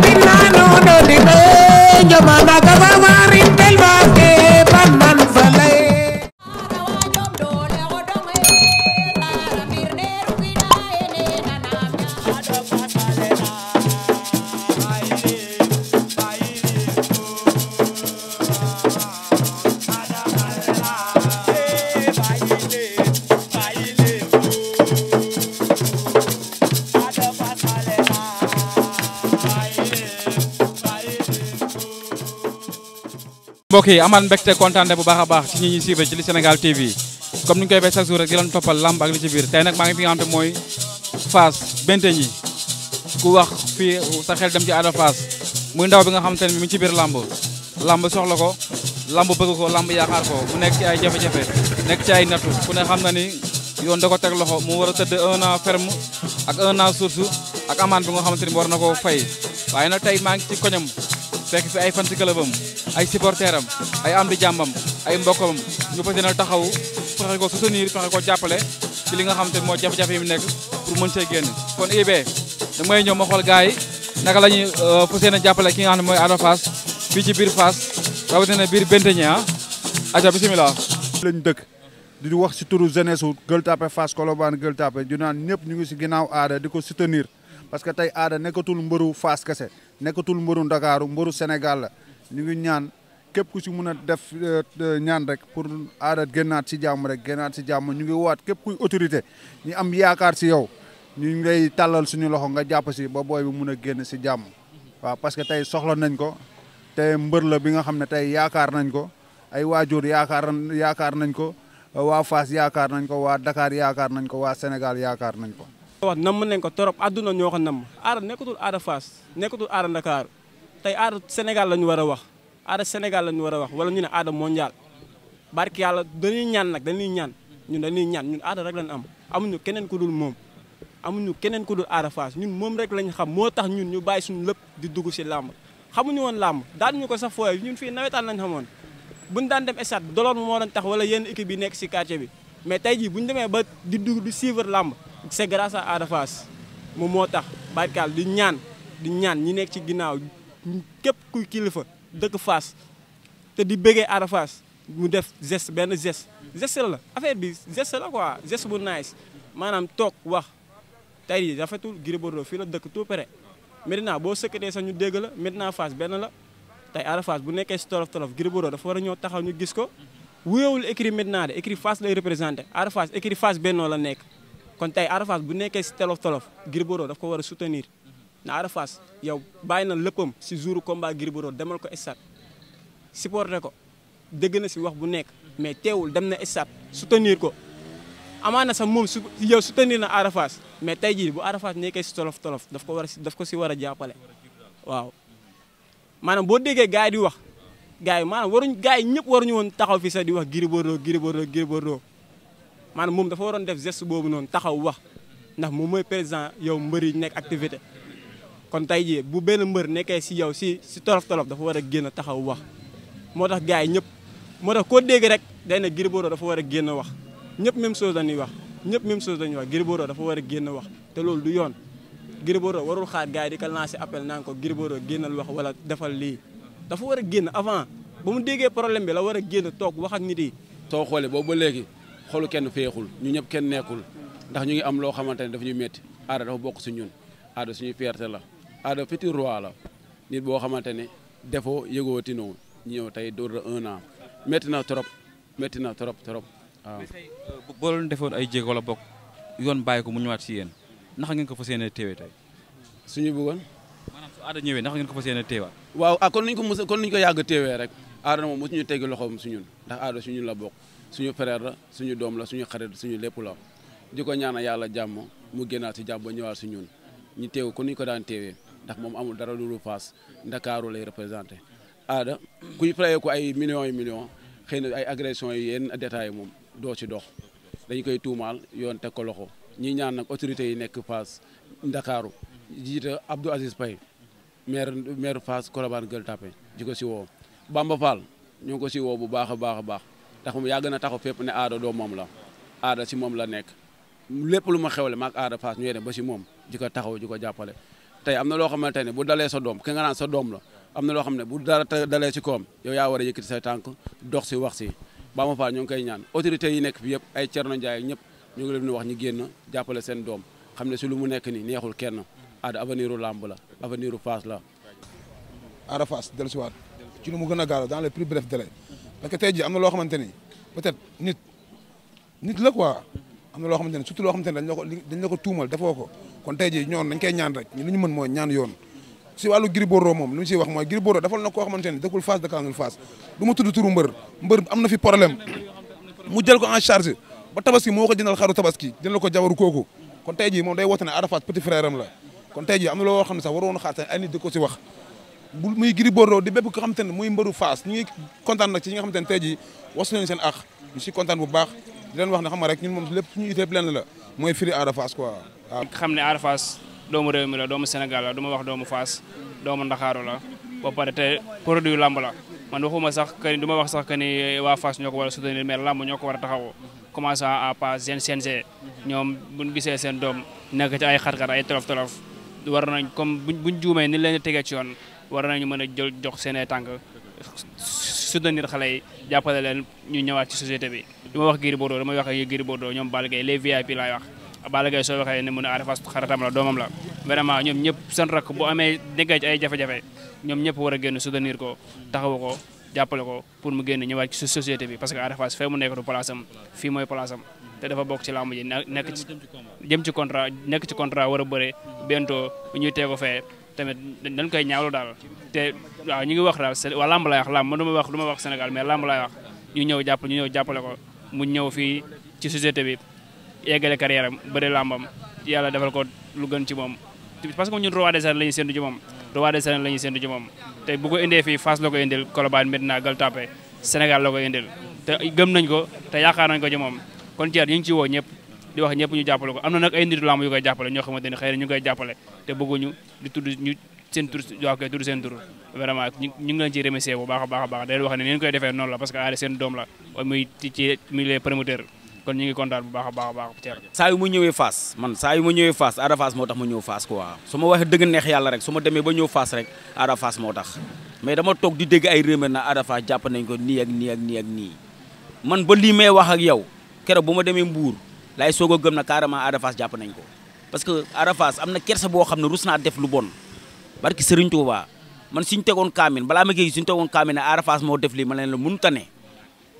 baby. ok yi mbekté contenté bu baax baax ci ñi ñi suivre ci li Sénégal TV comme ñu koy bay chaque jour rek di lan topal lamb ak li ci biir tay nak ma ngi fi nga xam te mooy Fass Benteñi ku wax fi sa xel dem ci Ada face muy ndaw bi nga xam mi ci biir lamb lamb soxla ko lamb bëgg ko lamb yaakaar ko mu nekk ci ay jafe-jafe nekk ci ay natou ku ne xam na ni yoon da ko teg loxo mu wara tedd un an ferme ak un an source ak amane bi nga xamante ni war na koo fay waaye nag tey maa ngi ci koñam fekk fi ay fan si këlëbam ay supporteram ay am di jambam ay mbokkam ñu fa dina taxaw fexe ko soutenir fexe ko jappalé ci li nga xam te moo jaf jafe yi mu nekk pour mën ci génn kon IB damay ñëw ma xol gaay naka lañu fusé euh, fas jappalé ki nga xam moy mooy bi ci bir fas biir Fass rawatina biir Benteñe ah. aja bismillah lañ dëkk di wax ci turu jeunesse wu Gueule Tapée Fass Colobane Gueule Tapée di naan ñepp ñu ngi ci ginaaw aada diko soutenir parce que tay aada nekatul mbëru fas kese nekatul mbëru Ndakaaru mbëru Sénégal la ñu ngi ñaan képp ku si mën a def euh, euh, ñaan rek pour aada génnaat si jàmm rek génnaat si jàmm ñu ngi waat képp kuy autorité ñu am yaakaar si yow ñu ngi lay tàllal suñu loxo nga jàpp si ba booy bi mun a génn si jàmm waaw parce que tey soxla nañ ko tey mbër la bi nga xam ne tey yaakaar nañ ko ay waajur yaakaar yaakaar nañ ko waa Fass yaakaar nañ ko waa Dakar yaakaar nañ ko waa Sénégal yaakaar nañ ko. wax nam nañ ko torop àdduna ñoo ko namm aada nekkatul aada nekkatul Dakar tey aada Sénégal la ñu war a wax aada Sénégal la ñu war a wax wala ñu ne aada mondial barki yàlla dañuy ñaan nag dañuy ñaan ñun dañuy ñaan ñun aada rek lañ am amuñu keneen ku dul moom amuñu keneen ku dul aada Fass ñun moom rek lañu xam moo tax ñun ñu bàyyi suñu lépp di dugg si làmb xamuñu woon làmb daan ñu ko sax fooy ñun fii nawetaan lañu xamoon buñ daan dem stade doloon moo doon tax wala yenn équipe bi nekk si quartier bi mais tey jii bu ñu demee ba di dugg di suivre làmb c'est grâce à Ada moom moo tax barkaal di ñaan di ñaan ñi nekk ci ginnaaw képp kuy kilifa dëkk Fass te di bëggee Ada Fass mu def geste benn geste geste la affaire bi geste la quoi geste bu nice maanaam toog wax tey yi rafetul Gris fii la dëkk tout près Medina boo sëkkatee ñu dégg la Medina Fass benn la tey Ada bu nekkee si tolof tolof Gris Bordeaux dafa war a ñëw taxaw ñu gis ko wuyewul écrit Medina de écrit Fass lay représenté Ada Fass écrit benn bennoo la nekk kon tey Ada Fass bu nekkee si tolof tolof Gris Bordeaux daf ko war a soutenir ne Ada Fass yow bàyyi na léppam si jouru combat Gris Bordeaux demal ko stade supporté ko dégg na si wax bu nekk mais teewul dem na stade soutenir ko amaana sax moom su yow soutenir na Ada Fass mais tey jii bu Ada Fass si tolof tolof daf ko war a si daf ko si war a jàppale waaw maanaam boo déggee gars yi di wax gars yi maanaam waruñ gars yi war waruñu woon taxaw fi sax di wax Gris Bordeaux Gris Bordeaux Gris Bordeaux maanaam moom dafa waroon def geste boobu noonu taxaw wax ndax moom mooy président yow mbër yi nekk activité kon tey jii bu benn mbër nekkee si yow si si tolof tolof dafa war a génn a taxaw wax moo tax gars yi ñëpp moo tax koo dégg rek day ne Gris Bordeaux dafa war a génn wax ñëpp même chose dañuy wax ñëpp même chose dañuy wax Gris Bordeaux dafa a génn wax te loolu du yoon Gris Bordeaux warul xaar gars yi di ko lancer appel naan ko Gris Bordeaux génnal wax wala defal lii dafa war a génn avant ba mu déggee problème bi la war a génn toog wax ak nit yi soo xoolee boobu ba léegi xoolu kenn féexul ñu ñëpp kenn nekkul ndax ñu ngi am loo xamante ne dafa ñuy métti aada bokk si ñun aada suñuy fierté la Ada futur roi la nit boo xamante ne defoo yëgoo tinoo ñu ñëw tey door la un an metti na trop metti na trop trop waaw. Euh, defoon ay jéego la bokk yoon bàyyi ko mu ñëwaat si yéen naka ngeen ko fas yéene teewee tey. suñu bëggoon. maanaam su Ada ñëwee naka ngeen ko fas yéene teewaat. waaw ah kon ni ñu ko mos kon ni ñu ko yàgg teewee rek. Ada moom mosu ñu tegg loxoom suñun ndax Ada suñun la bokk suñu frère la suñu doom la suñu xarit suñu lépp la di ko ñaanal yàlla jàmm mu génnaat si jàmm ba ñëwaat si ñun ñu teew kon ni ñu ko daan teewee ndax moom amul dara lu dul Fass Ndakaaru lay représenté aada kuy payee ko ay millions yi millions xëy na ay agressions yi yenn détails moom doo si dox dañ koy tuumaal yoon teg ko loxo ñi ñaan nag autorités yi nekk Fass Ndakaaru jiite Abdou Aziz Paye maire maire Fass Colobane Gueule Tapée ji ko si woo Bamba ñoo ko si woo bu baax a baax a baax ndax moom yaa gën a taxaw fépp ne aada doo moom la aada si moom la nekk lépp lu ma xewle maak aada Fass ñu dem ba si moom di ko taxaw di ko jàppale tey am na loo xamante ne bu dalee sa doom ki nga sa doom la am na loo xam ne bu dara dalee ci koom yow yaa war a yëkkati say tànk dox si wax si Bamba Fall ñu ngi koy ñaan autorité yi nekk fi yëpp ay Thierno Ndiaye ñëpp ñu ngi leen di wax ñu xam ne mu nekk nii neexul kenn aada avenir làmb la avenir u Fass la Ada Fass dellusiwaat ci lu mu gën a gaaw dans le plus brefs délais parce que tey jii am na loo xamante ni peut-être nit nit la quoi am na loo xamante surtout loo xamante ne dañ la ko dañ la ko tuumal defoo ko kon tey jii ñoon dañ koy ñaan rek ñu li ñu mën mooy ñaan yoon si wàllu Gris Bordeaux moom li ñu siy wax mooy Gris Bordeaux dafal na koo xamante ne dëkkul Fass dëkkaanul Fass du ma tudd turu mbër mbër am na fi problème mu jël ko en charge ba tabaski moo ko jëndal xaru kon tey jii moom day woote ne Ada tey jii am na loo xam ne sax waroon xaar ay nit di ko si wax bu muy Gris Bordeaux di bépp ko xamante ne muy mbaru Fass ñu ngi kontaan nag ci ñi nga ne tey jii wasu nañu seen ax ñu si kontaan leen wax ne xam nga rek ñun moom lépp suñu itee la mooy firi Ada Fass quoi ah. xam ne Ada fas doomu réew mi la doomu Sénégal la du ma wax doomu Fass doomu ndaxaaro la ba pare te produit làmb la man waxuma sax que ni du ma wax sax que ni waa Fass ñoo ko war a soutenir mais làmb ñoo ko war a taxawoo commencé à pas seen CNG ñoom buñ gisee seen doom nekk ci ay xat-xat ay tolof-tolof war nañ comme buñ buñ juumee ni leen tegee ci yoon war nañu mën a jël jox seenee tànk soutenir xale yi jàppale leen ñu ñëwaat ci société bi du wax Gris Bordeaux damay wax ak Gris Bordeaux ñoom Balla Gaye les VIP laay wax Balla Gaye soo waxee ne a Ada Fass xaritam la jafe-jafe ñoom ñëpp war a génn soutenir ko taxawu ko jàppale ko pour mu génn ñëwaat ci société bi parce que Ada Fass fee mu nekk du place am mooy place te dafa bokk ci làmb ji nekk ci ci contrat nekk ci contrat war a bëre bientôt ñuy tee fee tamit dañ koy ñaawlu daal te waaw ñu ngi wax daal waa làmb laay wax làmb man du ma wax du ma wax Sénégal mais làmb laay wax ñu ñëw jàpp ñu ñëw jàppale ko mu ñëw fii ci société bi yeggale carrière am bëri làmbam yàlla defal ko lu gën ci moom parce que ñun roi des arènes la ñuy séntu ci moom roi des arènes la ñuy séntu ci moom te bu ko indee fii Fass la ko indil Colobane Medina Gueule Tapée Sénégal la ko indil te gëm nañ ko te yaakaar nañ ko ci moom kon ceer ñu ngi ci woo ñëpp di wax ñëpp ñu jàppale ko am na nag ay ñu koy jàppale te bëgguñu di tudd ñu seen tur wax koy tudd seen tur vraiment ñu ngi leen ciy a a baax dañu wax ne neen koy a baax a baax Thierno. saa yu ma man saa yu ma ñëwee Fass Ada Fass moo tax mais dama toog di dégg ay rumeur na Ada Fass jàpp ko nii ak nii ak nii man ba lii may wax ak yow keroog bu ma demee Mbour laay soog a gëm na carrément Ada Fass jàpp nañ ko parce que Ada Fass am na kersa boo xam ne rus naa def lu bon barki Serigne Touba man suñ tegoon kaamin balaa ma géej suñu tegoon kaamin ne Ada Fass moo def lii ma leen la mënut a ne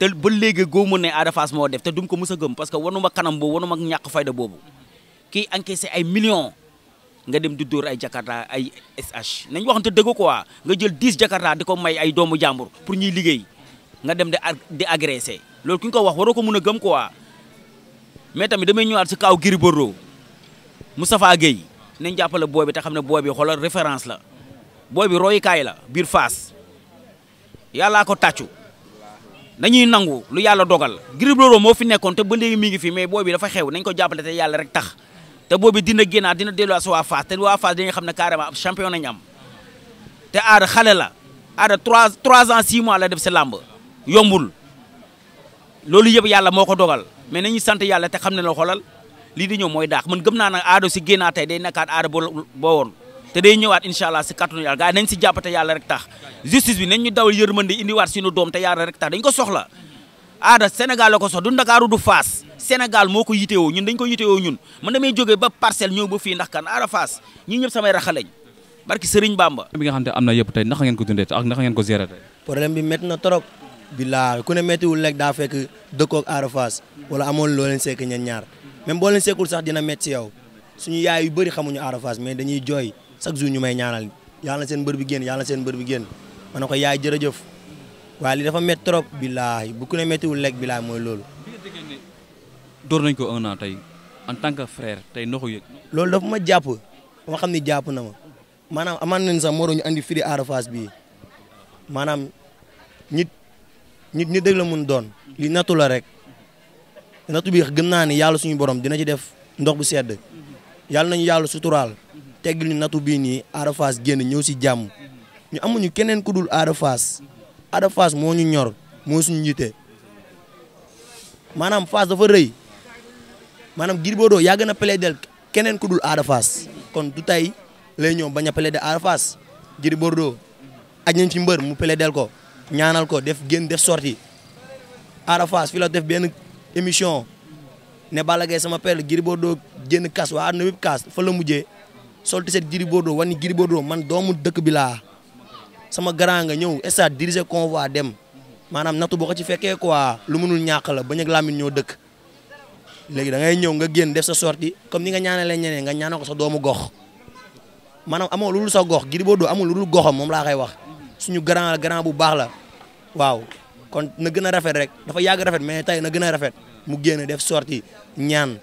te ba léegi góob ne Ada moo def te duñ ko mës a gëm parce que wanu ma kanam boo wanu ma ñàkk fayda boobu kii encaissé ay millions nga dem di dóor ay jakarta ay SH nañ waxante dëgg quoi nga jël 10 jakarta di ko may ay doomu jàmbur pour ñuy liggéey nga dem di di agressé loolu ki ko wax waroo ko mën a gëm quoi. mais tamit damay ñëwaat si kaaw Gris Bordeaux Moustapha Gueye nañ jàppale booy bi te xam ne booy bi xoolal référence la booy bi royukaay la biir Fass yàllaa ko tàccu dañuy nangu lu yàlla dogal Gris Bordeaux moo fi nekkoon te ba léegi mi ngi fi mais booy bi dafa xew nañ ko jàppale te yàlla rek tax te booy bi dina génnaat dina delluwaat si waa Fass te waa Fass dañuy xam ne carrément ab champion te aada xale la aada trois trois ans six mois la def si làmb yombul loolu yëpp yàlla moo ko dogal mais nañu sant yàlla te xam ne la xoolal lii di ñëw mooy daax man gëm naa nag aado si génnaa tey day nekkaat aada boo boo woon te day ñëwaat incha allah si kàttanu yàlla gars yi si jàpp te yàlla rek tax justice bi nañ ñu dawal yërmande indiwaat suñu doom te yàlla rek tax dañ ko soxla aada Sénégal la ko sox du Ndakaaru du Faas Sénégal moo ko yitewoo ñun dañ ko yitewoo ñun man damay jógee ba parcelle ñëw ba fii ndax kan aada Faas ñii ñëpp samay raxalañ barki Serigne Bamba. nga xam ne am na yëpp ngeen ko dundee ak naka ngeen ko gérer tey. billaa ku ne méttiwul rek daa fekk dëkkoog Ada Fass wala amoon loo leen sekk ñen ñaar même boo leen sekkul sax dina métti yow suñu yaay yu bëri xamuñu Ada Fass mais dañuy jooy chaque jour ñu may ñaanal yàlla seen mbër bi génn yàlla seen mbër bi génn ma ne ko yaay jërëjëf waaye li dafa métti trop billaahi bu ku ne méttiwul rek billaahi mooy loolu. door nañ ko un an tey en tant que frère tey noo ko yëg. loolu dafa ma jàpp ma xam ni jàpp na ma maanaam amaan nañ sax moroñu andi firi nit nit rek la mun doon li natu la rek natu bi gëm ni yalla suñu borom dina ci def ndox bu sedd yalla nañu yalla sutural teggul ni natu bi ni arafas genn ñew ci jamm ñu amuñu keneen ku dul arafas arafas mo ñu ñor mo suñu ñité manam fas dafa rëy ya gëna na del keneen ku dul arafas kon du tay lay ñëw baña a plaider arafas Fass Gris aj nañ ci mbeur mu del ko ñaanal ko def gën def sorti arafas fi la def ben émission ne balagé sama père giribodo Bordeaux génn kaas waa kas wépp kaas fa la mujjé solti set giribodo wani giribodo man doomu dëkk bi laa sama grand nga ñew diri diriger convoi dem manam natou boko ci féké quoi lu mënul ñaak la bañ ak Lamine ñoo dëkk légui da ngay ñew nga gën def sa sorti comme ni nga ñaanalé ñene nga ñaanal sa doomu gox manam amo lu sa gox Gris Bordeaux amul lu goxam mom la kay wax suñu grand grand bu baax la waaw kon na gëna nafa rafet rek dafa yag rafet mais tay na gëna rafet mu génn def sorti ñaan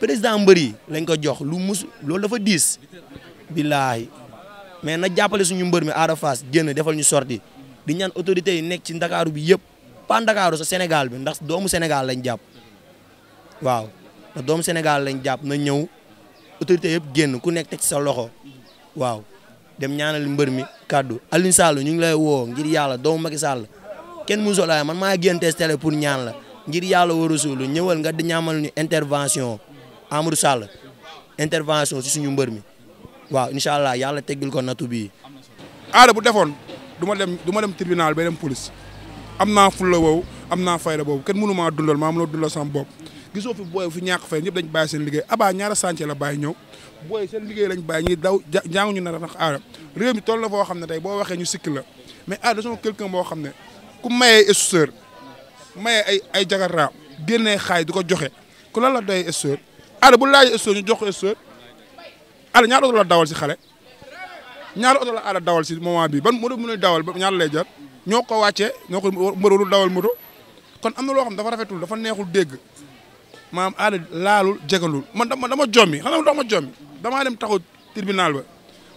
président mbeuri lañ ko jox lu mus loolu dafa dis billahi mais na jappalé suñu mbeur mi ara face génn defal ñu sorti di ñaan otorite yi nekk ci ndakaaru bi yépp pas ndakaaru sa Sénégal bi ndax doomu Sénégal lañ japp waaw na doomu Sénégal lañ japp na ñëw autorité yépp génn ku nekk tek ci sa loxo waaw dem ñaanal mbër mi kaddu Alioune Sall ñu ngi lay woo ngir yàlla doomu Macky Sall kenn mu solaay man maa génn télé pour ñaan la ngir yàlla war a suul ñëwal nga ñaamal ñu intervention Amadou Sall intervention si suñu mbër mi waaw incha allah yàlla teggil ko natu bii. aada bu defoon du ma dem du ma dem tribunal ba dem police am naa fulla woowu am naa fayda boobu kenn mënu maa dundal maa mënoo dundal gisoo fi booy fi ñàkk fay ñëpp dañ bàyyi seen liggéey abaa ñaara sànce la bàyyi ñëw booy seen liggéey lañ bàyyi ñi daw jànguñu a rax aada réew mi toll na foo xam ne tey boo waxee ñu sikk mais aada ah son boo xam ne ku mayee essuceur mayee ay ay jagarra génnee xaay di ko joxe ku lan la doy essuceur aada bu laajee essuceur ñu jox ko essuceur aada ñaar oto la dawal si xale ñaar oto la aada dawal si moment dawal ba ñaar lay jar ñoo ko wàccee ñoo ko dawal moto kon am na loo xam ne dafa rafetul dafa neexul dégg maam aada laalul jegalul man dama dama jommi xam nga dama jommi damaa dem taxaw tribunal ba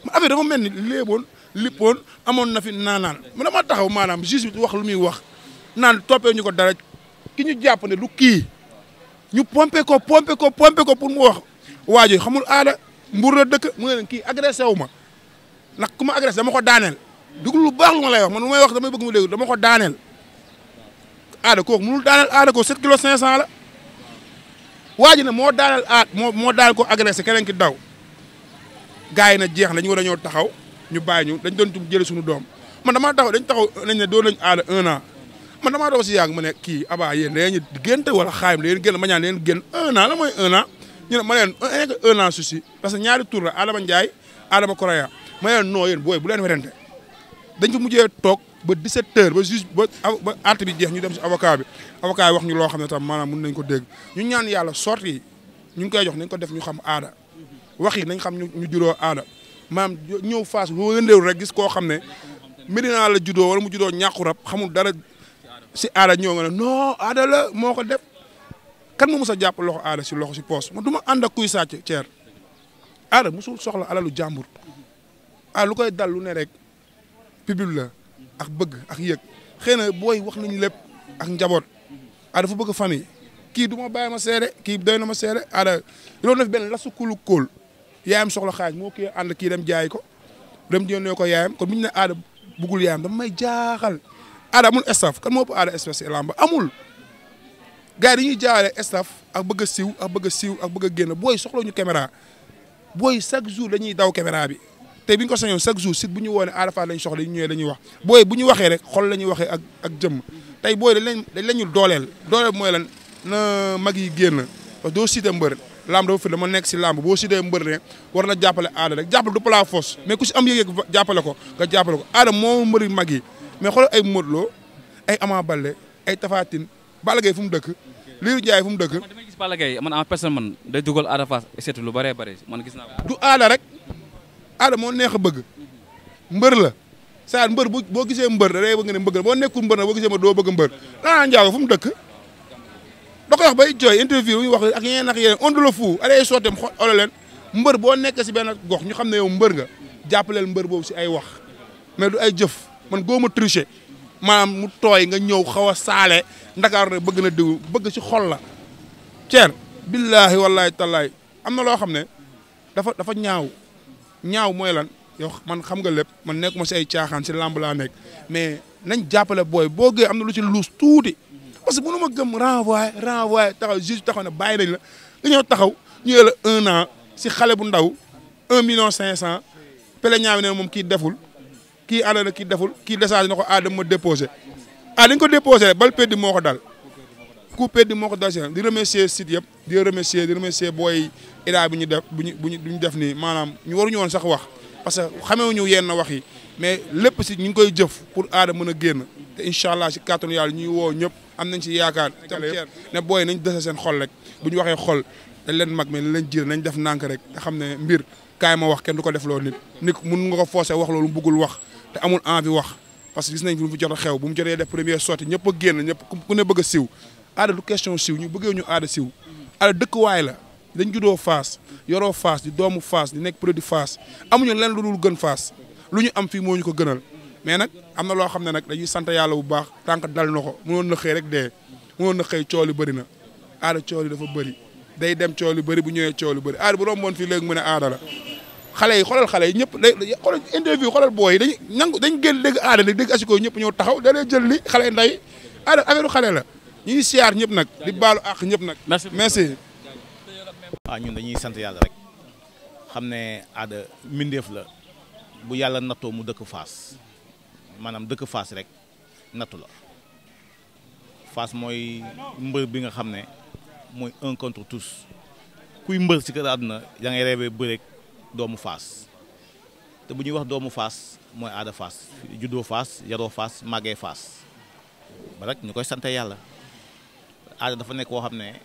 ma affaire dafa mel ni léeboon lippoon amoon na naan naanaan man dama taxaw maanaam juge bi lu muy wax naan toppee ñu ko dara ki ñu jàpp ne du kii ñu pompee ko pompé ko pompé ko pour mu wax waa ji xamul aada mbur la dëkk mu ne leen kii agressé wu ma ndax ku ma agressé dama ko daaneel dugul lu baax lu ma lay wax man lu may wax damay bëgg mu dégg dama ko daaneel aada kooku mënul daaneel aada ko 7 kilos 500 la waa ji na moo daal aat moo moo daal ko agressé keneen ki daw gars yi na jeex na ñu war a ñëw taxaw ñu bàyyi ñu dañ doon tub jëli suñu doom man damaa taxaw dañ taxaw nañ ne doon nañ aada un an man damaa doon si yàgg ma ne kii abaa yéen dañu génte wala xaayam da leen génn ma ñaan leen génn un an la mooy un an ñu ne ma leen un que ñaari tour la Adama Ndiaye Adama Koraya ma leen non yéen booy bu leen werante dañ fa mujjee toog ba 17 heures ba juste ba ba bi jeex ñu dem si avocat bi avocat yi wax ñu loo xam ne tam maanaam nañ ko dégg ñu ñaan yàlla sorte yi ñu ngi koy jox nañ ko def ñu xam aada wax yi nañ xam ñu juróo aada maam ñëw faas loo yëndeewul rek gis koo xam ne Medina la juddoo wala mu juddoo ñàkku rab xamul dara si aada ñëw nga ne non aada la moo ko def kan mu mës a jàpp loxo aada si loxo si poos ma du ma ànd ak kuy sàcc ceer aada musul soxla alalu jàmbur ah lu koy dal lu ne rek pibil la ak bëgg ak yëg xëy na booy wax nañ lépp ak njaboot ah dafa bëgg famille kii du ma bàyyi ma seede kii doy na ma seede ah da loolu def benn lasu kulu kóol yaayam soxla xaaj moo kii ànd kii dem jaay ko dem jëndee ko yaayam kon bu ñu ne aada bëggul yaayam dama may jaaxal aada amul staff kan moo ëpp aada espèce lamba amul. gars yi dañuy jaawale staff ak bëgg a siiw ak bëgg a siiw ak bëgg a génn booy soxla ñu caméra booy chaque jour dañuy daw caméra bi. te bi ñu ko sañoon chaque jour site bu ñu woone Ada Fass lañ soxla ñu ñëwee dañuy wax booy bu ñu waxee rek xol la ñuy waxee ak ak jëmm tey booy dañ lañ dañ lañu dooleel dooleel mooy lan na mag yi génn parce que doo cité mbër lamb dafa fi dama nekk si lamb boo cité mbër ne war na jàppale aada rek jàppale du pala force mais ku si am yëg-yëg jàppale ko nga jàppale ko aada moo mbëri mag yi mais xoolal ay Modou loo ay Ama Baldé ay Tapha Tine Balla Gaye fu mu dëkk Lirou Ndiaye fu mu dëkk. damay gis Balla Gaye man da personne man day dugal Ada Fass seetu gis naa ko. rek. ada moo neex bëgg mbeur la saa mbeur bo boo gisee mbër da lay bëgg ne mbëgg bo nekkul mbeur bo boo gisee mbër doo bëgg mbër daanaa njaago fu mu dëkk da koy wax bay joy interview yu wax ak yeneen ak yeneen ondu fu fou aday sootem xolal leen mbeur bo nekk ci ben gox ñu xam yow mbeur nga jappalel mbeur boobu ci ay wax mais du ay jëf man goma tricher manam mu toy nga ñew xawa salé ndakar na bëgg na dëgg bëgg ci xol la ceer billahi wallahi tallahi amna lo loo dafa dafa ñaaw ñaaw mooy lan yow man xam nga lépp man nekkuma si ay caaxaan si lamb la nekk mais nañ jàppale booy boo gee am na lu ci luus tuuti parce que mënu ma gëm renvoyé renvoyé taxaw juste taxaw ne bàyyi nañ la nga ñëw taxaw ñu la un an si xale bu ndaw un million cinq cent pele ñaaw ne moom kii deful kii ànd na kii deful kii décharge na ko ah dama ma déposé ah dañ ko déposé bal péddi moo ko dal coup péddi moo ko dal si di remercier site yëpp di remercier di remercier booy idaa bi ñu def bu ñu bu ñu def nii maanaam ñu waruñu woon sax wax parce que xamewuñu yenn wax yi mais lépp si ñu ngi koy jëf pour aada mën a génn te incha allah si kàttanu yàlla ñuy woo ñëpp am nañ si yaakaar ne booy nañ dese seen xol rek bu ñu waxee xol dañ leen mag mais li leen jiir nañ def nànk rek te xam ne mbir kaay ma wax kenn du ko def lool nit nit mun nga ko forcer wax loolu mu bëggul wax te amul envie wax parce que gis nañ fi mu jot a xew bu mu jotee def première sortie ñëpp a génn ñëpp ku ne bëgg a siw ñu bëggee ñu aada siw aada la dañ juddoo Fass yoroo Fass di doomu Fass di nekk produit Fass amuñu leen lu dul gën faas lu ñu am fii moo ñu ko gënal mais nag am na loo xam ne nag dañuy sant yàlla bu baax tànk dal na ko mënoon na xëy rek dee mënoon na xëy cool yi bëri na aada cool yi dafa bëri day dem cool yi bëri bu ñëwee cool yi bëri aada bu romboon fii léegi mu ne aada la xale yi xoolal xale yi ñëpp day xoolal interview xoolal booy yi dañuy nangu dañ gën dégg aada nag dégg asiko ñëpp ñoo taxaw da lay jël li xale nday aada affaire xale la ñuy siyaar ñëpp nag di baalu àq ñëpp nag merci waaw ah, ñun dañuy sant yàlla rek xam ne aada mbindeef la bu yàlla nattoo mu dëkk faas maanaam dëkk faas rek nattu la faas mooy mbër bi nga xam ne mooy un contre tous kuy mbër si kër àdduna yaa ngay reebee bëreek doomu faas te bu ñuy wax doomu faas mooy aada faas juddoo faas yaroo faas màggee faas ba rek ñu koy sante yàlla aada dafa nekk koo xam ne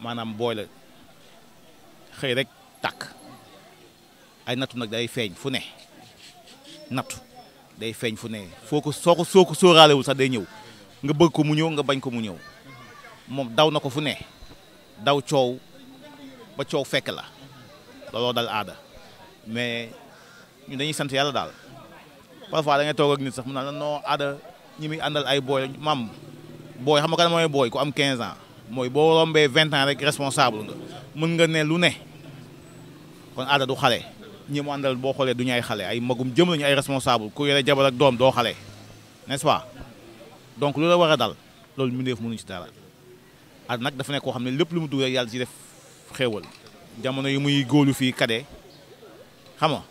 maanaam booy la xëy rek tàkk ay nattu nag day feeñ fu ne nattu day feeñ fu ne foo ko soo ko soo ko sóoraalewul sax day ñëw nga bëgg ko mu ñëw nga bañ ko mu ñëw moom daw na ko fu ne daw coow ba coow fekk la looloo dal aada mais ñu dañuy sant yàlla daal parfois da ngay toog ak nit sax mu naan non aada ñi muy àndal ay booy mam booy xam nga kan mooy booy ku am 15 ans. mooy boo rombee vingt ans rek responsable nga mën nga ne lu ne kon aada du xale ñi mu àndal boo xoolee du ñu ay xale ay magum jëm lañu ay responsable ku yore jabar ak doom doo xale nest donc lu war a dal loolu mu def ci dara aada nag dafa nekk koo xam ne lépp lu mu dugg rek yàlla ci def xéewal jamono yi muy góolu fii kade xam nga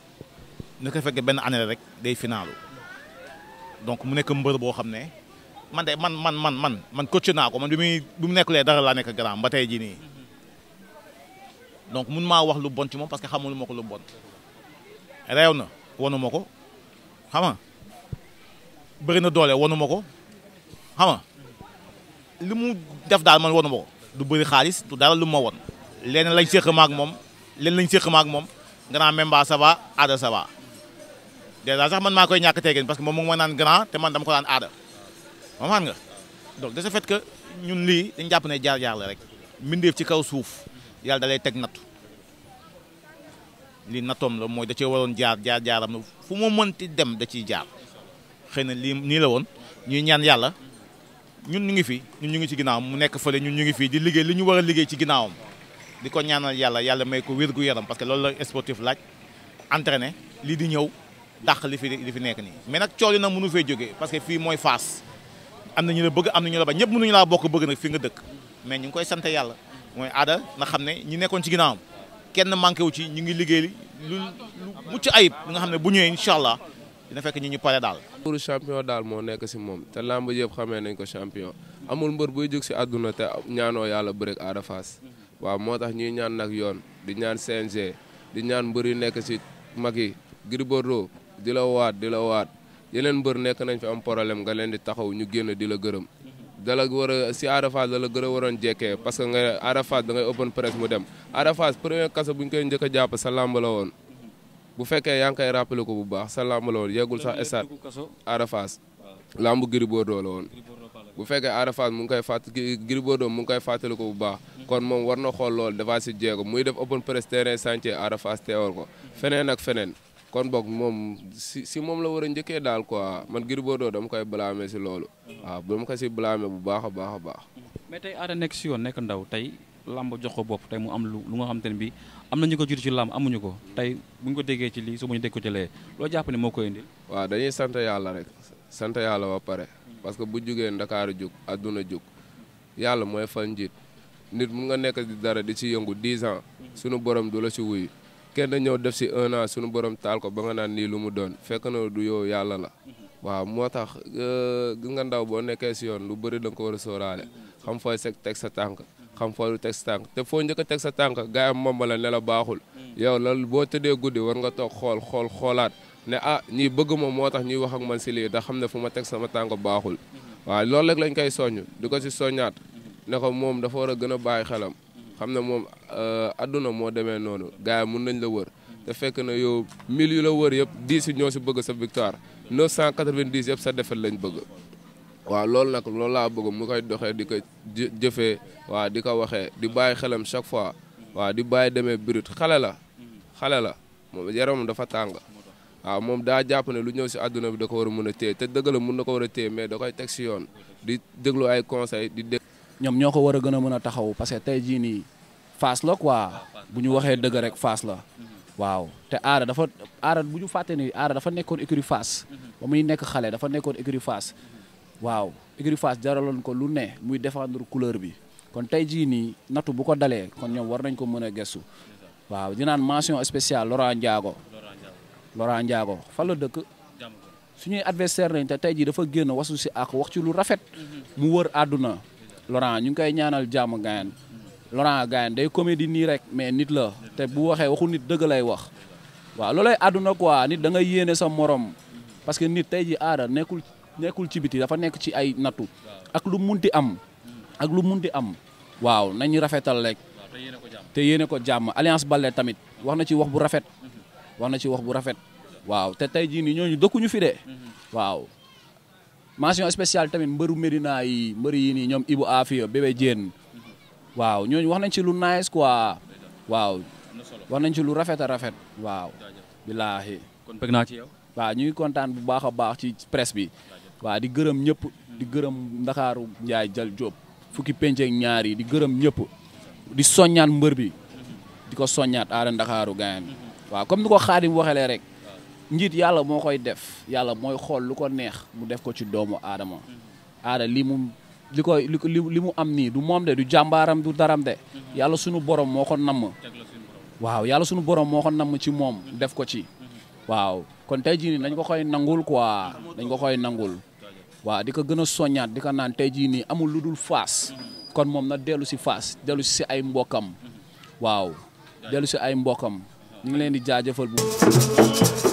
ne ko fekkee benn année rek day finaalu donc mu nekk mbër boo xam ne man de man man man man man coach naa ko man bi muy bi mu nekkulee dara laa nekk grand ba tey jii nii donc mun maa wax lu bon ci moom parce que xamul ma ko lu bon na wanu ma ko xam nga bëri na doole wanu ma ko li mu def daal man wanu ma ko du bëri xaalis du dara lu ma won leen lañ séq maak moom leen lañ séq ma moom grand Memba ça va aada ça va dèjà sax man maa koy ñàkk teggin parce que moom ma naan grand te man dama ko naan aada comprendre nga donc de ce fait que ñun lii dañ jàpp ne jaar-jaar la rek mbindeef ci kaw suuf yàlla da lay teg nattu lii nattoom la mooy da cee waroon jaar jaar-jaaram la fu mu mënti dem da ciy jaar xëy na lii nii la woon ñuy ñaan yàlla ñun ñu ngi fi ñu ñu ngi ci ginnaawam mu nekk fële ñun ñu ngi fii di liggéey li ñu war a liggéey ci ginnaawam di ko ñaanal yàlla yàlla may ko wér gu yaram parce que loolu la sportif laaj entraîné lii di ñëw dàq li fi li fi am na ñu la bëgg am na ñu la bañ ñëpp mënuñu laa bokk bëgg nag fi nga dëkk mais ñu ngi koy sante yàlla mooy aada na xam ne ñi nekkoon ci ginnaawam kenn manqué wu ci ñu ngi liggéey lu lu mucc ayib nga xam ne bu ñëwee incha allah dina fekk ñu ñu pare daal. pour champion daal moo nekk si moom te làmb yëpp xamee nañ ko champion amul mbër buy jóg si àdduna te ñaanoo yàlla bëreeg Ada fas waaw moo tax ñuy ñaan nag yoon di ñaan CNG di ñaan mbër yu nekk si mag yi Gris Bordeaux di la waat di la waat. yeneen mbër nekk nañ fi am problème nga leen di taxaw ñu génn di la gërëm dala war a si Ada Fass dala gën a waroon jekkee parce que nga Ada da ngay open press mu dem Ada Fass premier kasa bu ñu koy njëkk a jàpp sa làmb la woon bu fekkee yaa ngi koy rappelé ko bu baax sa làmb la woon yeggul sax estat Ada Fass làmb Gris Bordeaux la woon bu fekkee Ada mu ngi koy fàtt Gris Bordeaux mu ngi koy fàttali ko bu baax kon moom war na xool loolu dafa si jeego muy def open press terrain chantier Ada ko feneen ak feneen kon boog moom si si moom la war a njëkkee daal quoi man gir Gris Bordeaux dama koy blâmer si loolu. ba mu ko si blâmer bu baax a baax a baax. mais tey Ada nekk si yoon nekk ndaw tey làmb jox ko bopp tey mu am lu lu nga xam te ne bii am na ñu ko jiitu ci làmb amuñu ko tey bu ñu ko déggee ci lii su ma ñu dégg ko ci lee loo jàpp ne moo koy indil. waaw dañuy sant yàlla rek sant yàlla ba pare parce que bu jugee Ndakaaru jug àdduna jug yàlla mooy fal njiit nit mun nga nekk dara di ci yëngu 10 ans sunu borom du la ci kenn ñëw def si un an suñu taal ko ba nga naan nii lu mu doon fekk na du yow yàlla la. waaw moo tax euh, gis nga ndaw boo nekkee si yoon lu bëri da ko war a sóoraale xam fooy se teg sa tànk. xam fooy lu teg sa tànk te foo njëkk teg sa tànk gaa am moom la ne la baaxul. yow loolu boo tëddee guddi war nga toog xool xool xoolaat ne ah ñii bëgg moom moo tax ñuy wax ak man si lii da xam ne fu ma teg sama tànk baaxul. waaw loolu rek lañ koy soññ di ko si soññaat ne ko moom dafa war a gën a bàyyi xam ne moom adduna euh, moo demee noonu gars yi mun nañ la wër te fekk na yow mille yu la wër yëpp dix si ñoo si bëgg sa victoire neuf cent quatre-vingt-dix yëpp sa defet lañ bëgg waaw loolu nag loolu laa bëgg mu koy doxee di ko jëfee waaw di ko waxee di bàyyi xelam chaque fois waaw di bàyyi demee birut xale la xale la moom yaram dafa tàng waaw moom daa jàpp ne lu ñëw si àdduna bi da ko war a mën a téye te dëgg la mun na ko war a téye mais da koy teg si yoon di déglu ay conseil di ñom ñoko wara gëna mëna a taxaw parce que tay ji ni Fass la quoi bu ñu waxee dëgg rek fas la waaw te aara dafa aara bu ñu ni aara dafa nekkoon écurie fas ba muy nekk xalé dafa nekkoon écurie Fass waaw écurie fas jaraloon ko lu né muy défendre couleur bi kon tay ji ni natou bu ko dalé kon ñom war nañ ko mëna gessu waaw di naan mention spéciale Laurent Diago Laurent Diago fa la dëkk suñu adversaire lañ te tey dafa génn wasu si ak wax ci lu rafet mu wër aduna Laurent ñu ngi koy ñaanal jàmm Gayane Laurent Gayane day comédie nii rek mais nit la te bu waxee waxu nit dëgg lay wax waaw loolay àdduna quoi nit dangay yéene sa morom parce que nit tey ji aada nekkul nekkul ci biti dafa nekk ci ay nattu ak lu munti am ak lu munti am waaw nañu rafetal rek te yéene ko jàmm Alliance bale tamit wax na ci wax bu rafet wax na ci wax bu rafet waaw te tey jii nii ñooñu dëkkuñu fi de waaw mention spéciale tamit mbëru Medina yi mbëri yi nii ñoom Ibou Afia bébé Diène waaw ñooñu wax nañ ci lu nice quoi waaw wax nañ ci lu rafet a rafet waaw billaahi naa ci yow waaw ñuy kontaan bu baax a baax ci presse bi waaw di gërëm ñëpp di gërëm ndakaaru Ndiaye Jal Diop fukki penceeg ñaar yi di gërëm ñëpp di soññaat mbër bi di ko soññaat aada ndakaaru gayan waaw comme ni ko Xaadim waxelee rek njiit yalla mo koy def yalla moy xol lu ko neex mu def ko ci doomu adama aada li mu li koy li mu am ni du mom de du jambaram du daram de yalla sunu borom moo ko wow, waaw yalla sunu borom moo ko namm ci mom def ko ci waaw kon tay jii nii dañ ko koy nangul quoi dañ ko koy nangul waaw di gëna soñaat diko di ko naan tey jii amul lu kon mom na delu si faas delu ci ay mbokam waaw delu si ay mbokam ñu ngi leen di jaajeufal bu